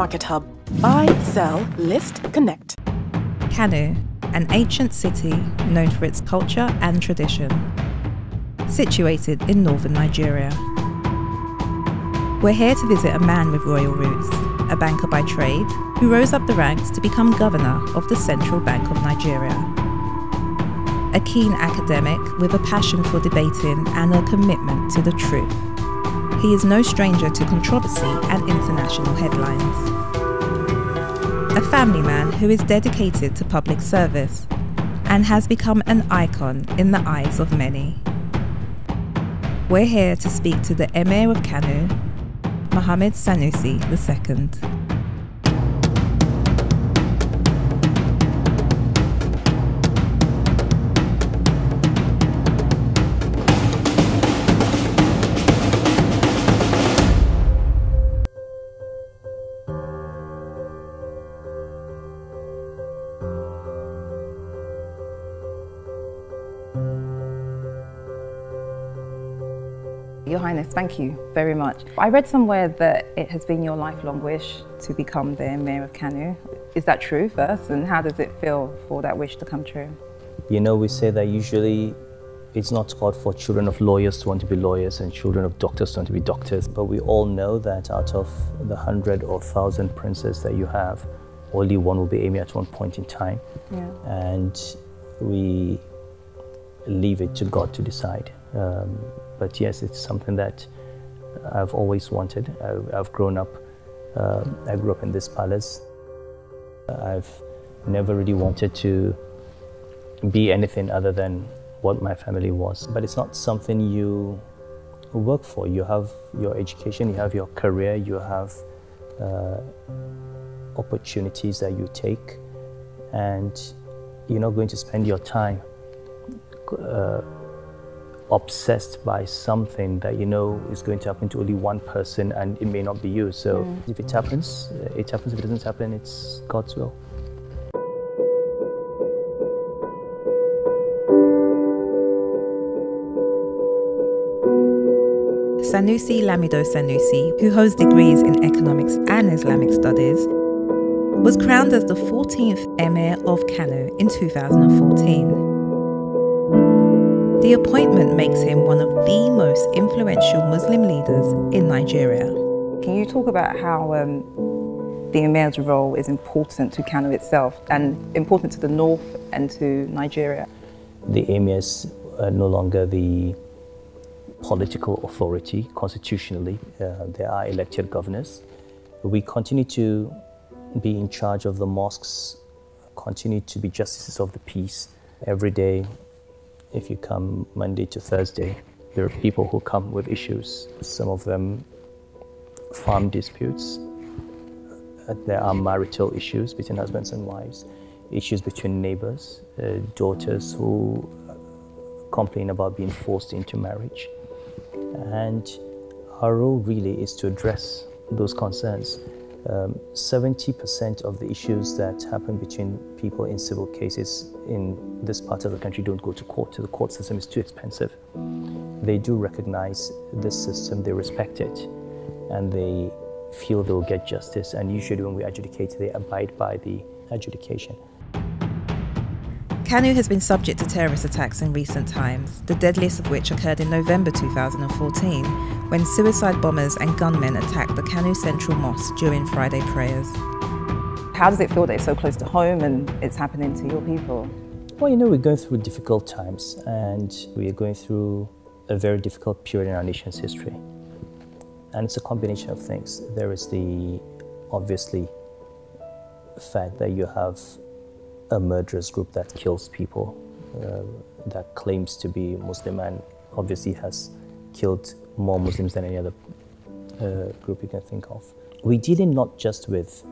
Market Hub. Buy, sell, list, connect. Kanu, an ancient city known for its culture and tradition, situated in northern Nigeria. We're here to visit a man with royal roots, a banker by trade, who rose up the ranks to become governor of the Central Bank of Nigeria. A keen academic with a passion for debating and a commitment to the truth he is no stranger to controversy and international headlines. A family man who is dedicated to public service and has become an icon in the eyes of many. We're here to speak to the Emir of Kanu, Mohammed Sanusi II. Thank you very much. I read somewhere that it has been your lifelong wish to become the mayor of Kanu. Is that true first and how does it feel for that wish to come true? You know, we say that usually it's not called for children of lawyers to want to be lawyers and children of doctors to want to be doctors, but we all know that out of the hundred or thousand princes that you have, only one will be Amy at one point in time. Yeah. And we leave it to God to decide. Um, but yes, it's something that I've always wanted. I've, grown up, uh, I grew up in this palace. I've never really wanted to be anything other than what my family was. But it's not something you work for. You have your education, you have your career, you have uh, opportunities that you take, and you're not going to spend your time. Uh, obsessed by something that you know is going to happen to only one person and it may not be you. So mm. if it happens, it happens. If it doesn't happen, it's God's will. Sanusi Lamido Sanusi, who holds degrees in economics and Islamic studies, was crowned as the 14th Emir of Kano in 2014. The appointment makes him one of the most influential Muslim leaders in Nigeria. Can you talk about how um, the Emir's role is important to Kano itself and important to the north and to Nigeria? The Emir's are uh, no longer the political authority constitutionally. Uh, they are elected governors. We continue to be in charge of the mosques, continue to be justices of the peace. Every day if you come Monday to Thursday, there are people who come with issues, some of them farm disputes. Uh, there are marital issues between husbands and wives, issues between neighbors, uh, daughters who uh, complain about being forced into marriage. And our role really is to address those concerns 70% um, of the issues that happen between people in civil cases in this part of the country don't go to court. The court system is too expensive. They do recognize this system, they respect it, and they feel they'll get justice. And usually, when we adjudicate, they abide by the adjudication. Kanu has been subject to terrorist attacks in recent times, the deadliest of which occurred in November 2014 when suicide bombers and gunmen attacked the Kanu Central Mosque during Friday prayers. How does it feel that it's so close to home and it's happening to your people? Well, you know, we're going through difficult times and we are going through a very difficult period in our nation's history. And it's a combination of things. There is the, obviously, fact that you have a murderous group that kills people, uh, that claims to be Muslim and obviously has killed more Muslims than any other uh, group you can think of. We're dealing not just with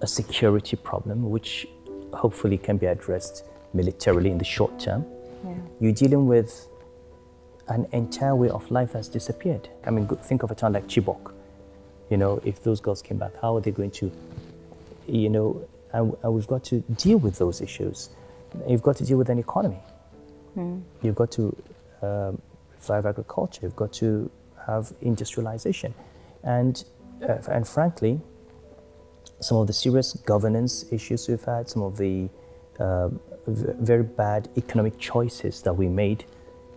a security problem, which hopefully can be addressed militarily in the short term. Yeah. You're dealing with an entire way of life has disappeared. I mean, think of a town like Chibok. You know, if those girls came back, how are they going to, you know, and, and we've got to deal with those issues. You've got to deal with an economy. Mm. You've got to um, revive agriculture. You've got to have industrialization, and uh, and frankly, some of the serious governance issues we've had, some of the uh, very bad economic choices that we made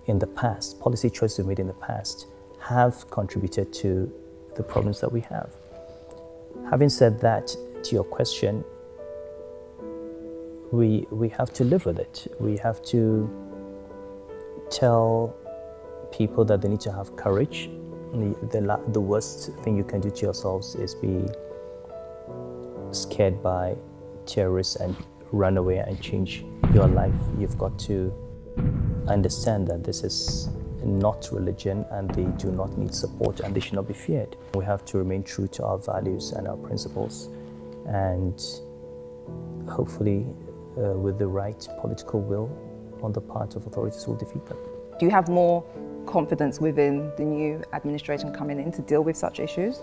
in the past, policy choices we made in the past, have contributed to the problems that we have. Having said that, to your question, we, we have to live with it. We have to tell people that they need to have courage. The, the, the worst thing you can do to yourselves is be scared by terrorists and run away and change your life. You've got to understand that this is not religion and they do not need support and they should not be feared. We have to remain true to our values and our principles and hopefully uh, with the right political will on the part of authorities will defeat them. Do you have more confidence within the new administration coming in to deal with such issues?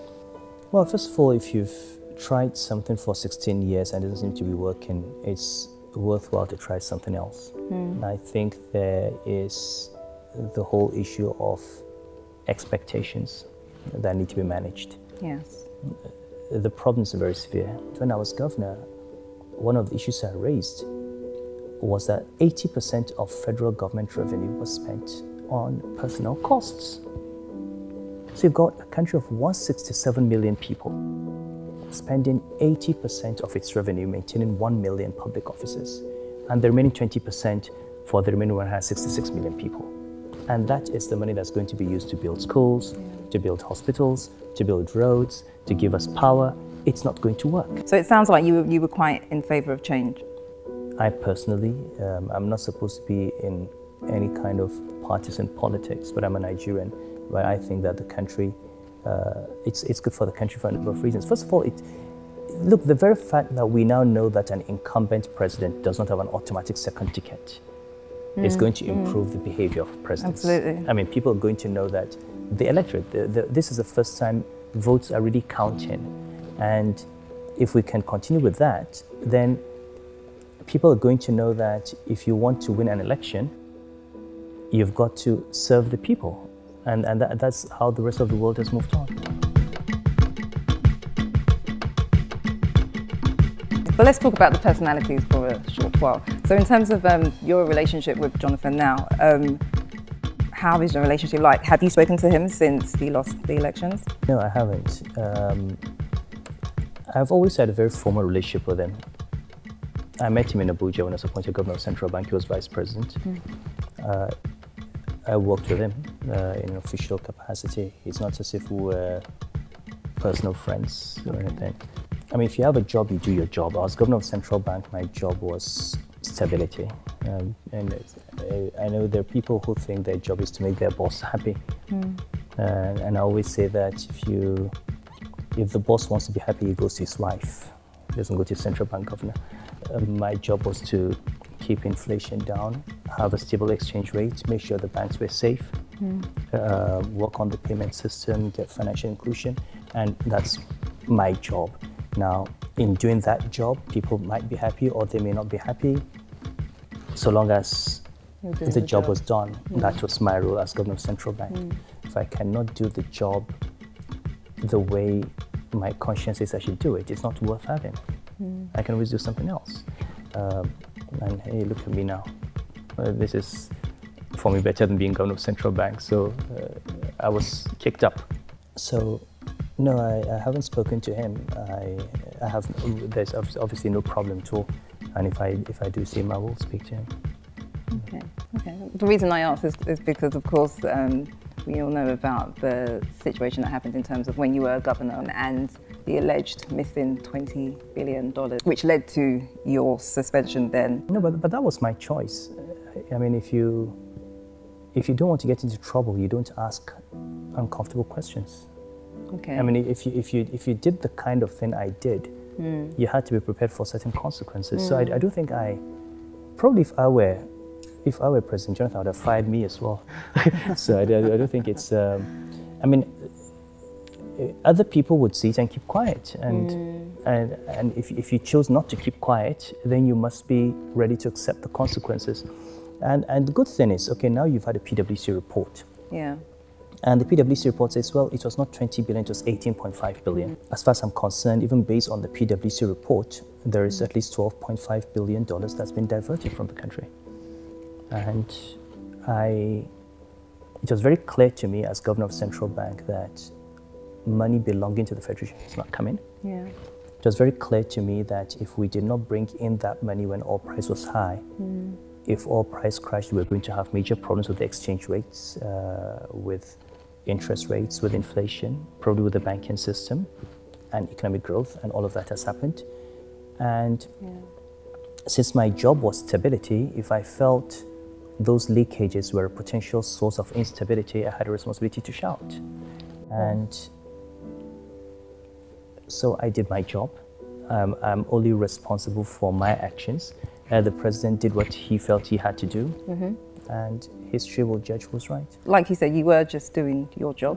Well, first of all, if you've tried something for 16 years and it doesn't seem to be working, it's worthwhile to try something else. Mm. I think there is the whole issue of expectations that need to be managed. Yes. The problems are very severe. When I was governor, one of the issues I raised was that 80% of federal government revenue was spent on personal costs. So you've got a country of 167 million people spending 80% of its revenue maintaining 1 million public offices and the remaining 20% for the remaining 166 million people. And that is the money that's going to be used to build schools, to build hospitals, to build roads, to give us power, it's not going to work. So it sounds like you were, you were quite in favour of change. I personally, um, I'm not supposed to be in any kind of partisan politics, but I'm a Nigerian where I think that the country, uh, it's, it's good for the country for a number of reasons. First of all, it, look, the very fact that we now know that an incumbent president does not have an automatic second ticket mm. is going to mm-hmm. improve mm. the behavior of presidents. Absolutely. I mean, people are going to know that the electorate, the, the, this is the first time votes are really counting. And if we can continue with that, then people are going to know that if you want to win an election, you've got to serve the people. And, and that, that's how the rest of the world has moved on. But let's talk about the personalities for a short while. So in terms of um, your relationship with Jonathan now, um, how is your relationship like? Have you spoken to him since he lost the elections? No, I haven't. Um, I've always had a very formal relationship with him. I met him in Abuja when I was appointed governor of Central Bank. He was vice president. Mm. Uh, I worked with him uh, in an official capacity. It's not as if we were personal friends or anything. I mean, if you have a job, you do your job. As governor of Central Bank, my job was stability. Um, and uh, I know there are people who think their job is to make their boss happy. Mm. Uh, and I always say that if you if the boss wants to be happy, he goes to his wife. He doesn't go to central bank governor. Um, my job was to keep inflation down, have a stable exchange rate, make sure the banks were safe, mm. uh, work on the payment system, get financial inclusion, and that's my job. Now, in doing that job, people might be happy or they may not be happy, so long as the, job, job, was done. Mm. That hmm. was my role as governor of central bank. Mm. If I cannot do the job the way my conscience says I should do it. It's not worth having. Mm. I can always do something else. Uh, and hey, look at me now. Uh, this is for me better than being governor of central bank. So uh, I was kicked up. So no, I, I, haven't spoken to him. I, I have. There's obviously no problem at all. And if I if I do see him, I will speak to him. Okay. Okay. The reason I ask is, is because, of course, um, we all know about the situation that happened in terms of when you were governor and the alleged missing $20 billion, which led to your suspension then. No, but, but that was my choice. I mean, if you, if you don't want to get into trouble, you don't ask uncomfortable questions. Okay. I mean, if you, if you, if you did the kind of thing I did, mm. you had to be prepared for certain consequences. Mm. So I, hmm. I do think I, probably if I were if I were President Jonathan, I would have fired me as well. so I, I, don't think it's. Um, I mean, uh, other people would see it and keep quiet, and mm. and and if if you chose not to keep quiet, then you must be ready to accept the consequences. And and the good thing is, okay, now you've had a PwC report. Yeah. And the PwC report says, well, it was not 20 billion, it was 18.5 billion. Mm. As far as I'm concerned, even based on the PwC report, there is mm. at least 12.5 billion dollars that's been diverted from the country. And I, it was very clear to me as governor of central bank that money belonging to the Federation is not coming. Yeah. It was very clear to me that if we did not bring in that money when oil price was high, mm. if oil price crashed, we were going to have major problems with the exchange rates, uh, with interest rates, with inflation, probably with the banking system and economic growth, and all of that has happened. And yeah. since my job was stability, if I felt those leakages were a potential source of instability. I had a responsibility to shout. And so I did my job. Um, I'm only responsible for my actions. Uh, the president did what he felt he had to do. Mm -hmm. And history will judge who's right. Like you said, you were just doing your job.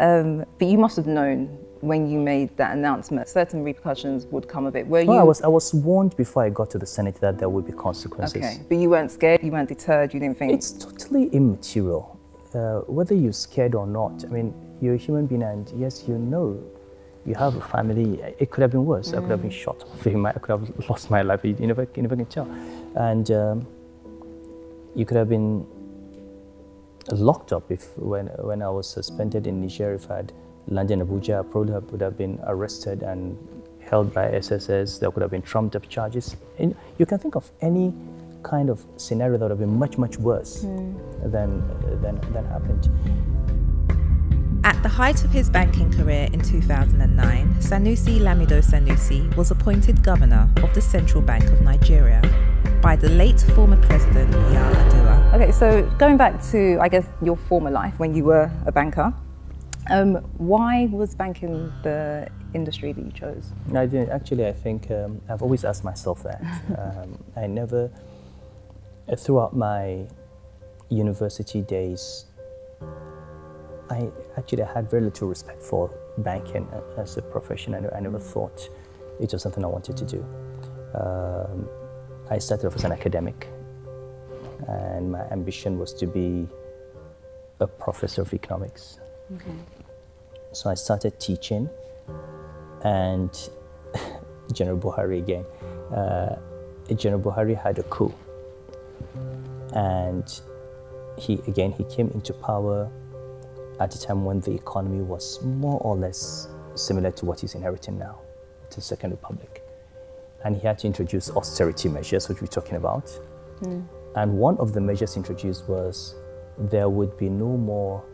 Um, but you must have known when you made that announcement, certain repercussions would come of it. Were well, you? I was, I was warned before I got to the Senate that there would be consequences. Okay, but you weren't scared, you weren't deterred, you didn't think? It's totally immaterial, uh, whether you're scared or not. I mean, you're a human being and yes, you know you have a family. It could have been worse. Mm. I could have been shot. I could have lost my life. You never, you never can tell. And um, you could have been locked up if when when I was suspended in Niger if I had Lanjan Abuja probably would have been arrested and held by SSS. There could have been trumped up charges. And you can think of any kind of scenario that would have been much, much worse mm. than, than, than happened. At the height of his banking career in 2009, Sanusi Lamido Sanusi was appointed governor of the Central Bank of Nigeria by the late former president Yar Adua. Okay, so going back to, I guess, your former life when you were a banker, um, why was banking the industry that you chose? I didn't. Actually, I think um, I've always asked myself that. um, I never, uh, throughout my university days, I actually had very little respect for banking as a profession. I, I never thought it was something I wanted to do. Um, I started off as an academic, and my ambition was to be a professor of economics. Okay. So I started teaching, and General Buhari again. Uh, General Buhari had a coup, and he again he came into power at a time when the economy was more or less similar to what he's inheriting now, the Second Republic, and he had to introduce austerity measures, which we're talking about. Mm. And one of the measures introduced was there would be no more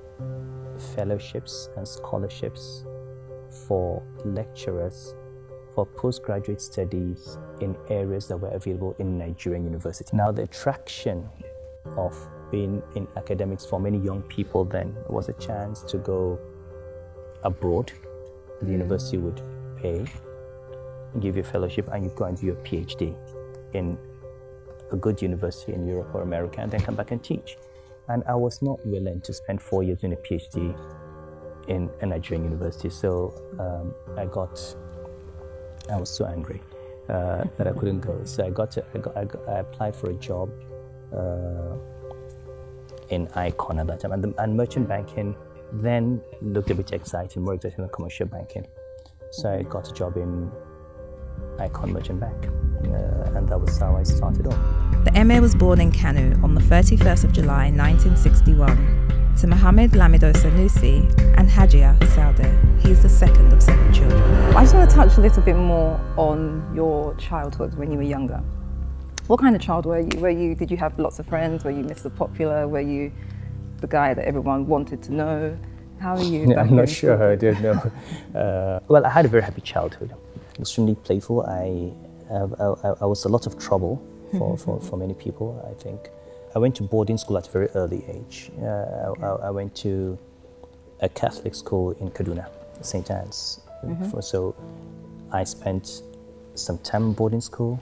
fellowships and scholarships for lecturers for postgraduate studies in areas that were available in Nigerian university. Now the attraction of being in academics for many young people then was a chance to go abroad. The mm. university would pay, give you a fellowship and you go and do your PhD in a good university in Europe or America and then come back and teach. And I was not willing to spend four years in a PhD in a Nigerian university. So um, I got, I was so angry uh, that I couldn't go. So I got, to, I, got, I, got, I applied for a job uh, in Icon at that time. And, the, and merchant banking then looked a bit exciting, more exciting than commercial banking. So I got a job in Icon Merchant Bank. Uh, and that was how I started off. The emir was born in Kanu on the 31st of July 1961 to Mohammed Lamido Sanusi and Hajia Saudeh. He is the second of seven children. I just want to touch a little bit more on your childhood when you were younger. What kind of child were you? Were you did you have lots of friends? Were you Mr. Popular? Were you the guy that everyone wanted to know? How are you? I'm not sure how I did. No. uh, well, I had a very happy childhood. Extremely playful. I, uh, I, I, I was a lot of trouble for, mm-hmm. for, for many people, I think. I went to boarding school at a very early age. Uh, I, I, went to a Catholic school in Kaduna, St. Anne's. Mm -hmm. So I spent some time in boarding school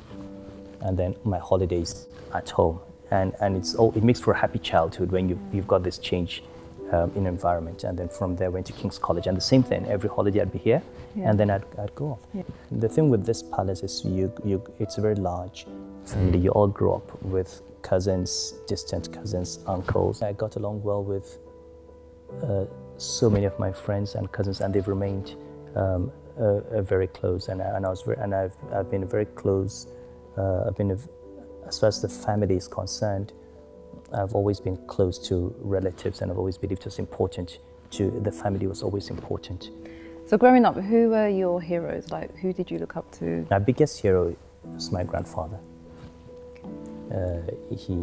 and then my holidays at home. And, and it's all, it makes for a happy childhood when you, you've got this change um, in environment. And then from there, I went to King's College. And the same thing, every holiday I'd be here, yeah. and then I'd, I'd go off. Yeah. The thing with this palace is you, you, it's very large family. You all grew up with cousins, distant cousins, uncles. I got along well with uh, so many of my friends and cousins, and they've remained um, uh, very close. And, and I was very, and I've, I've been very close. Uh, I've been, as far as the family is concerned, I've always been close to relatives, and I've always believed it was important to the family was always important. So growing up, who were your heroes? Like, who did you look up to? My biggest hero is my grandfather uh, he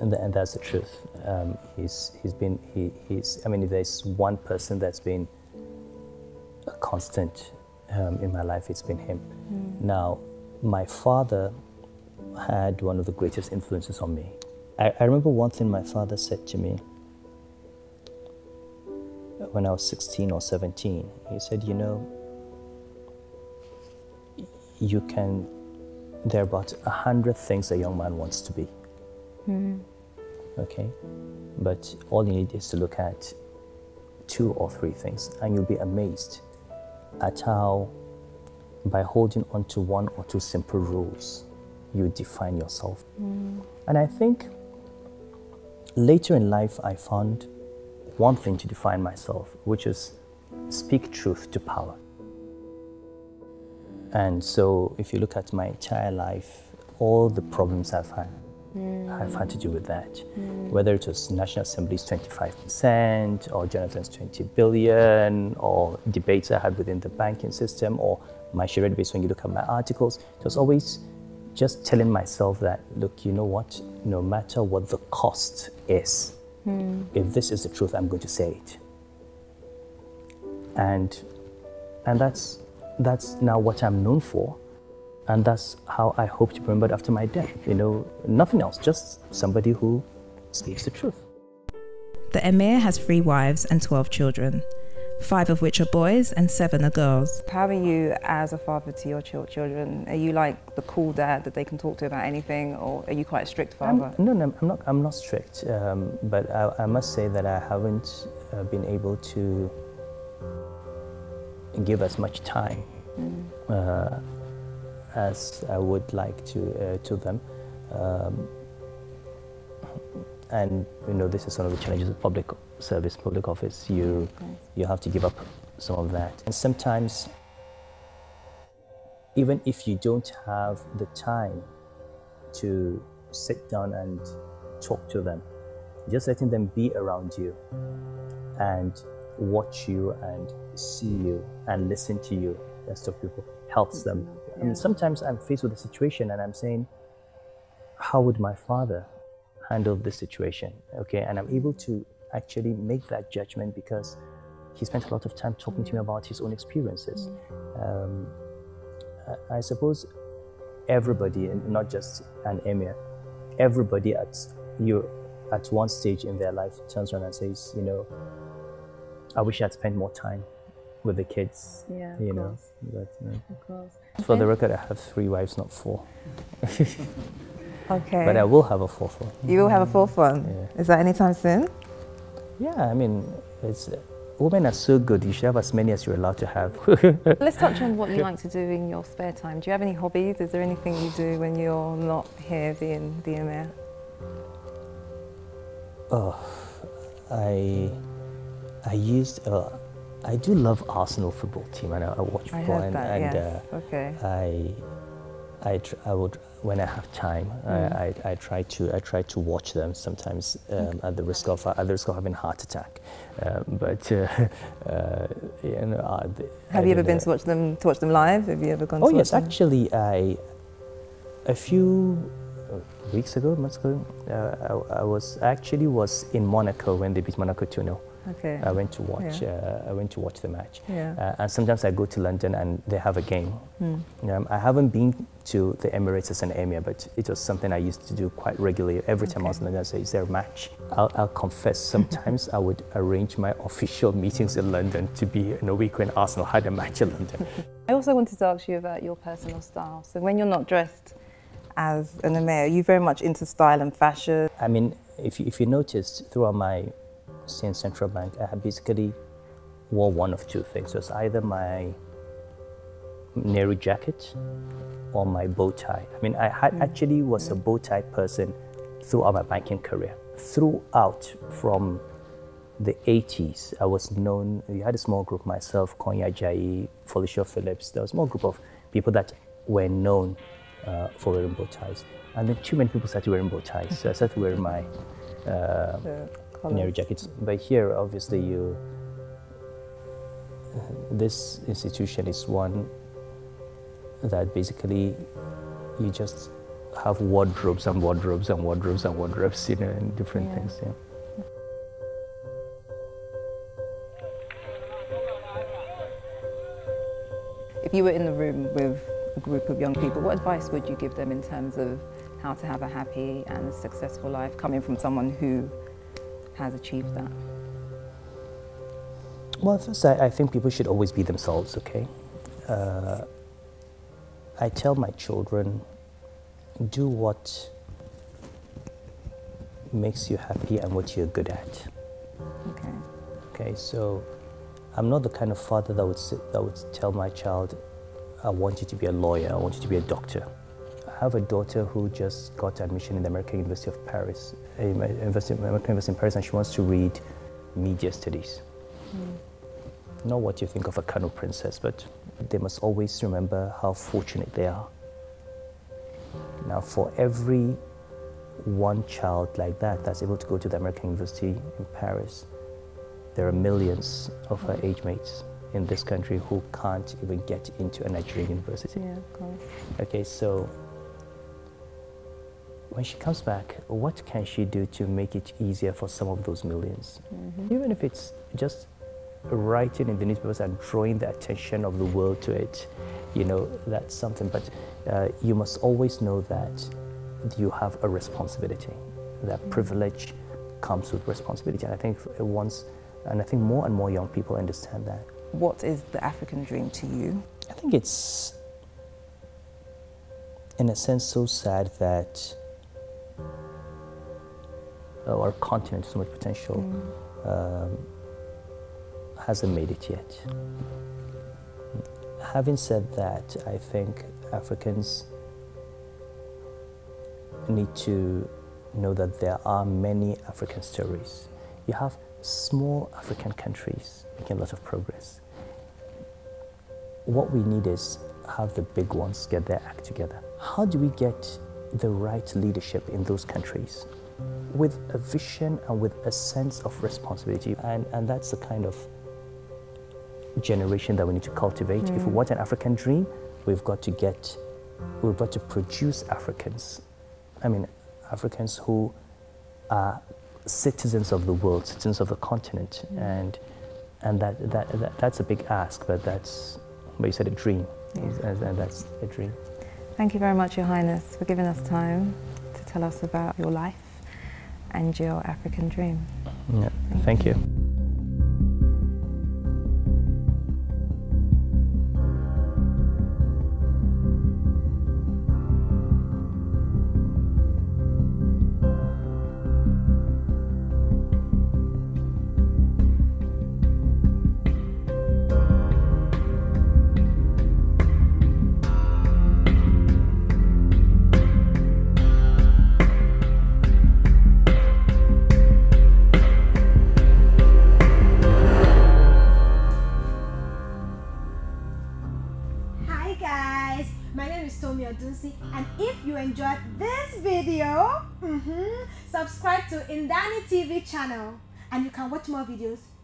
and, and, that's the truth. Um, he's he's been he, he's. I mean, if there's one person that's been a constant um, in my life, it's been him. Mm. Now, my father had one of the greatest influences on me. I, I remember one thing my father said to me when I was 16 or 17. He said, "You know, you can there are about a hundred things a young man wants to be. Mm. Okay? But all you need is to look at two or three things, and you'll be amazed at how, by holding on to one or two simple rules, you define yourself. Mm. And I think later in life, I found one thing to define myself, which is speak truth to power. And so if you look at my entire life, all the problems I've had, mm. I've had to do with that. Mm. Whether it was National Assembly's 25% or Jonathan's 20 billion or debates I had within the banking system or my shared based when you look at my articles, it was always just telling myself that, look, you know what, no matter what the cost is, mm. if this is the truth, I'm going to say it. And, and that's that's now what I'm known for. And that's how I hope to be remembered after my death. You know, nothing else, just somebody who speaks the truth. The emir has three wives and 12 children, five of which are boys and seven are girls. How are you as a father to your children? Are you like the cool dad that they can talk to about anything, or are you quite a strict father? I'm, no, no, I'm not. I'm not strict, um, but I, I, must say that I haven't uh, been able to give as much time mm. uh, as I would like to uh, to them. Um, and you know, this is one of the challenges of public service, public office. You mm, you have to give up some of that, and sometimes even if you don't have the time to sit down and talk to them, just letting them be around you and watch you and see you and listen to you and of people helps them. Yeah. I mean, sometimes I'm faced with a situation and I'm saying, how would my father handle this situation? Okay, and I'm able to actually make that judgment because he spent a lot of time talking to me about his own experiences. Um, I suppose everybody, and not just an emir, everybody at you at one stage in their life turns around and says, you know, I wish I'd spent more time with the kids. Yeah, you know, but, Of course. Okay. For the record, I have three wives, not four. okay. But I will have a fourth one. You will have a mm. fourth one. Yeah. Is that anytime soon? Yeah, I mean, it's women are so good. You should have as many as you're allowed to have. Let's touch on what you like to do in your spare time. Do you have any hobbies? Is there anything you do when you're not here being the mayor? Oh, I. I used, uh, I do love Arsenal football team and I, I watch football I and, that, and yes. uh, okay. I, I, I would, when I have time, mm. I, I, I, try to, I try to watch them sometimes um, okay. at the risk of, at the risk of having a heart attack. Um, but, uh, uh, you know, have you ever been uh, to watch them, to watch them live? Have you ever gone? Oh yes, them? actually, I, a few uh, weeks ago, months ago, uh, I, I, was actually was in Monaco when they beat Monaco 2 0. Okay. I went to watch. Yeah. Uh, I went to watch the match. Yeah. Uh, and sometimes I go to London and they have a game. Mm. Um, I haven't been to the Emirates as an emir, but it was something I used to do quite regularly. Every okay. time I was in London, I say, "Is there a match?" I'll, I'll confess. Sometimes I would arrange my official meetings in London to be in a week when Arsenal had a match in London. I also wanted to ask you about your personal style. So when you're not dressed as an emir, you're very much into style and fashion. I mean, if you, if you noticed throughout my since central bank, I basically wore one of two things. It was either my Nehru jacket or my bow tie. I mean, I had, actually was a bow tie person throughout my banking career. Throughout from the 80s, I was known, we had a small group myself, Konya Jai, Felicia Phillips, there was a small group of people that were known uh, for wearing bow ties. And then too many people started wearing bow ties, so I started wearing my uh, yeah jackets. But here, obviously, you this institution is one that basically you just have wardrobes and wardrobes and wardrobes and wardrobes, you know, and different yeah. things. Yeah. If you were in the room with a group of young people, what advice would you give them in terms of how to have a happy and successful life coming from someone who has achieved that? Well, first, I, I think people should always be themselves, okay? Uh, I tell my children, do what makes you happy and what you're good at. Okay. Okay, so I'm not the kind of father that would, sit, that would tell my child, I want you to be a lawyer, I want you to be a doctor have a daughter who just got admission in the American University of Paris, American University in Paris, and she wants to read media studies. Mm. Not what you think of a Kano princess, but they must always remember how fortunate they are. Now, for every one child like that that's able to go to the American University in Paris, there are millions of her age mates in this country who can't even get into a Nigerian university. Yeah, of course. Okay, so when she comes back, what can she do to make it easier for some of those 1000000s mm -hmm. Even if it's just writing in the newspapers and drawing the attention of the world to it, you know, that's something. But uh, you must always know that you have a responsibility. That mm-hmm. privilege comes with responsibility. And I think once, and I think more and more young people understand that. What is the African dream to you? I think it's, in a sense, so sad that uh, our continent, so much potential, mm. um, hasn't made it yet. Having said that, I think Africans need to know that there are many African stories. You have small African countries making a lot of progress. What we need is have the big ones get their act together. How do we get the right leadership in those countries with a vision and with a sense of responsibility. And, and that's the kind of generation that we need to cultivate. Mm. If we mm. want an African dream, we've got to get, we've got to produce Africans. I mean, Africans who are citizens of the world, citizens of the continent. Mm. And, and that, that, that, that's a big ask, but that's, but you said a dream, yeah. and that's a dream. Thank you very much, Your Highness, for giving us time to tell us about your life and your African dream. Yeah, thank you. channel and you can watch more videos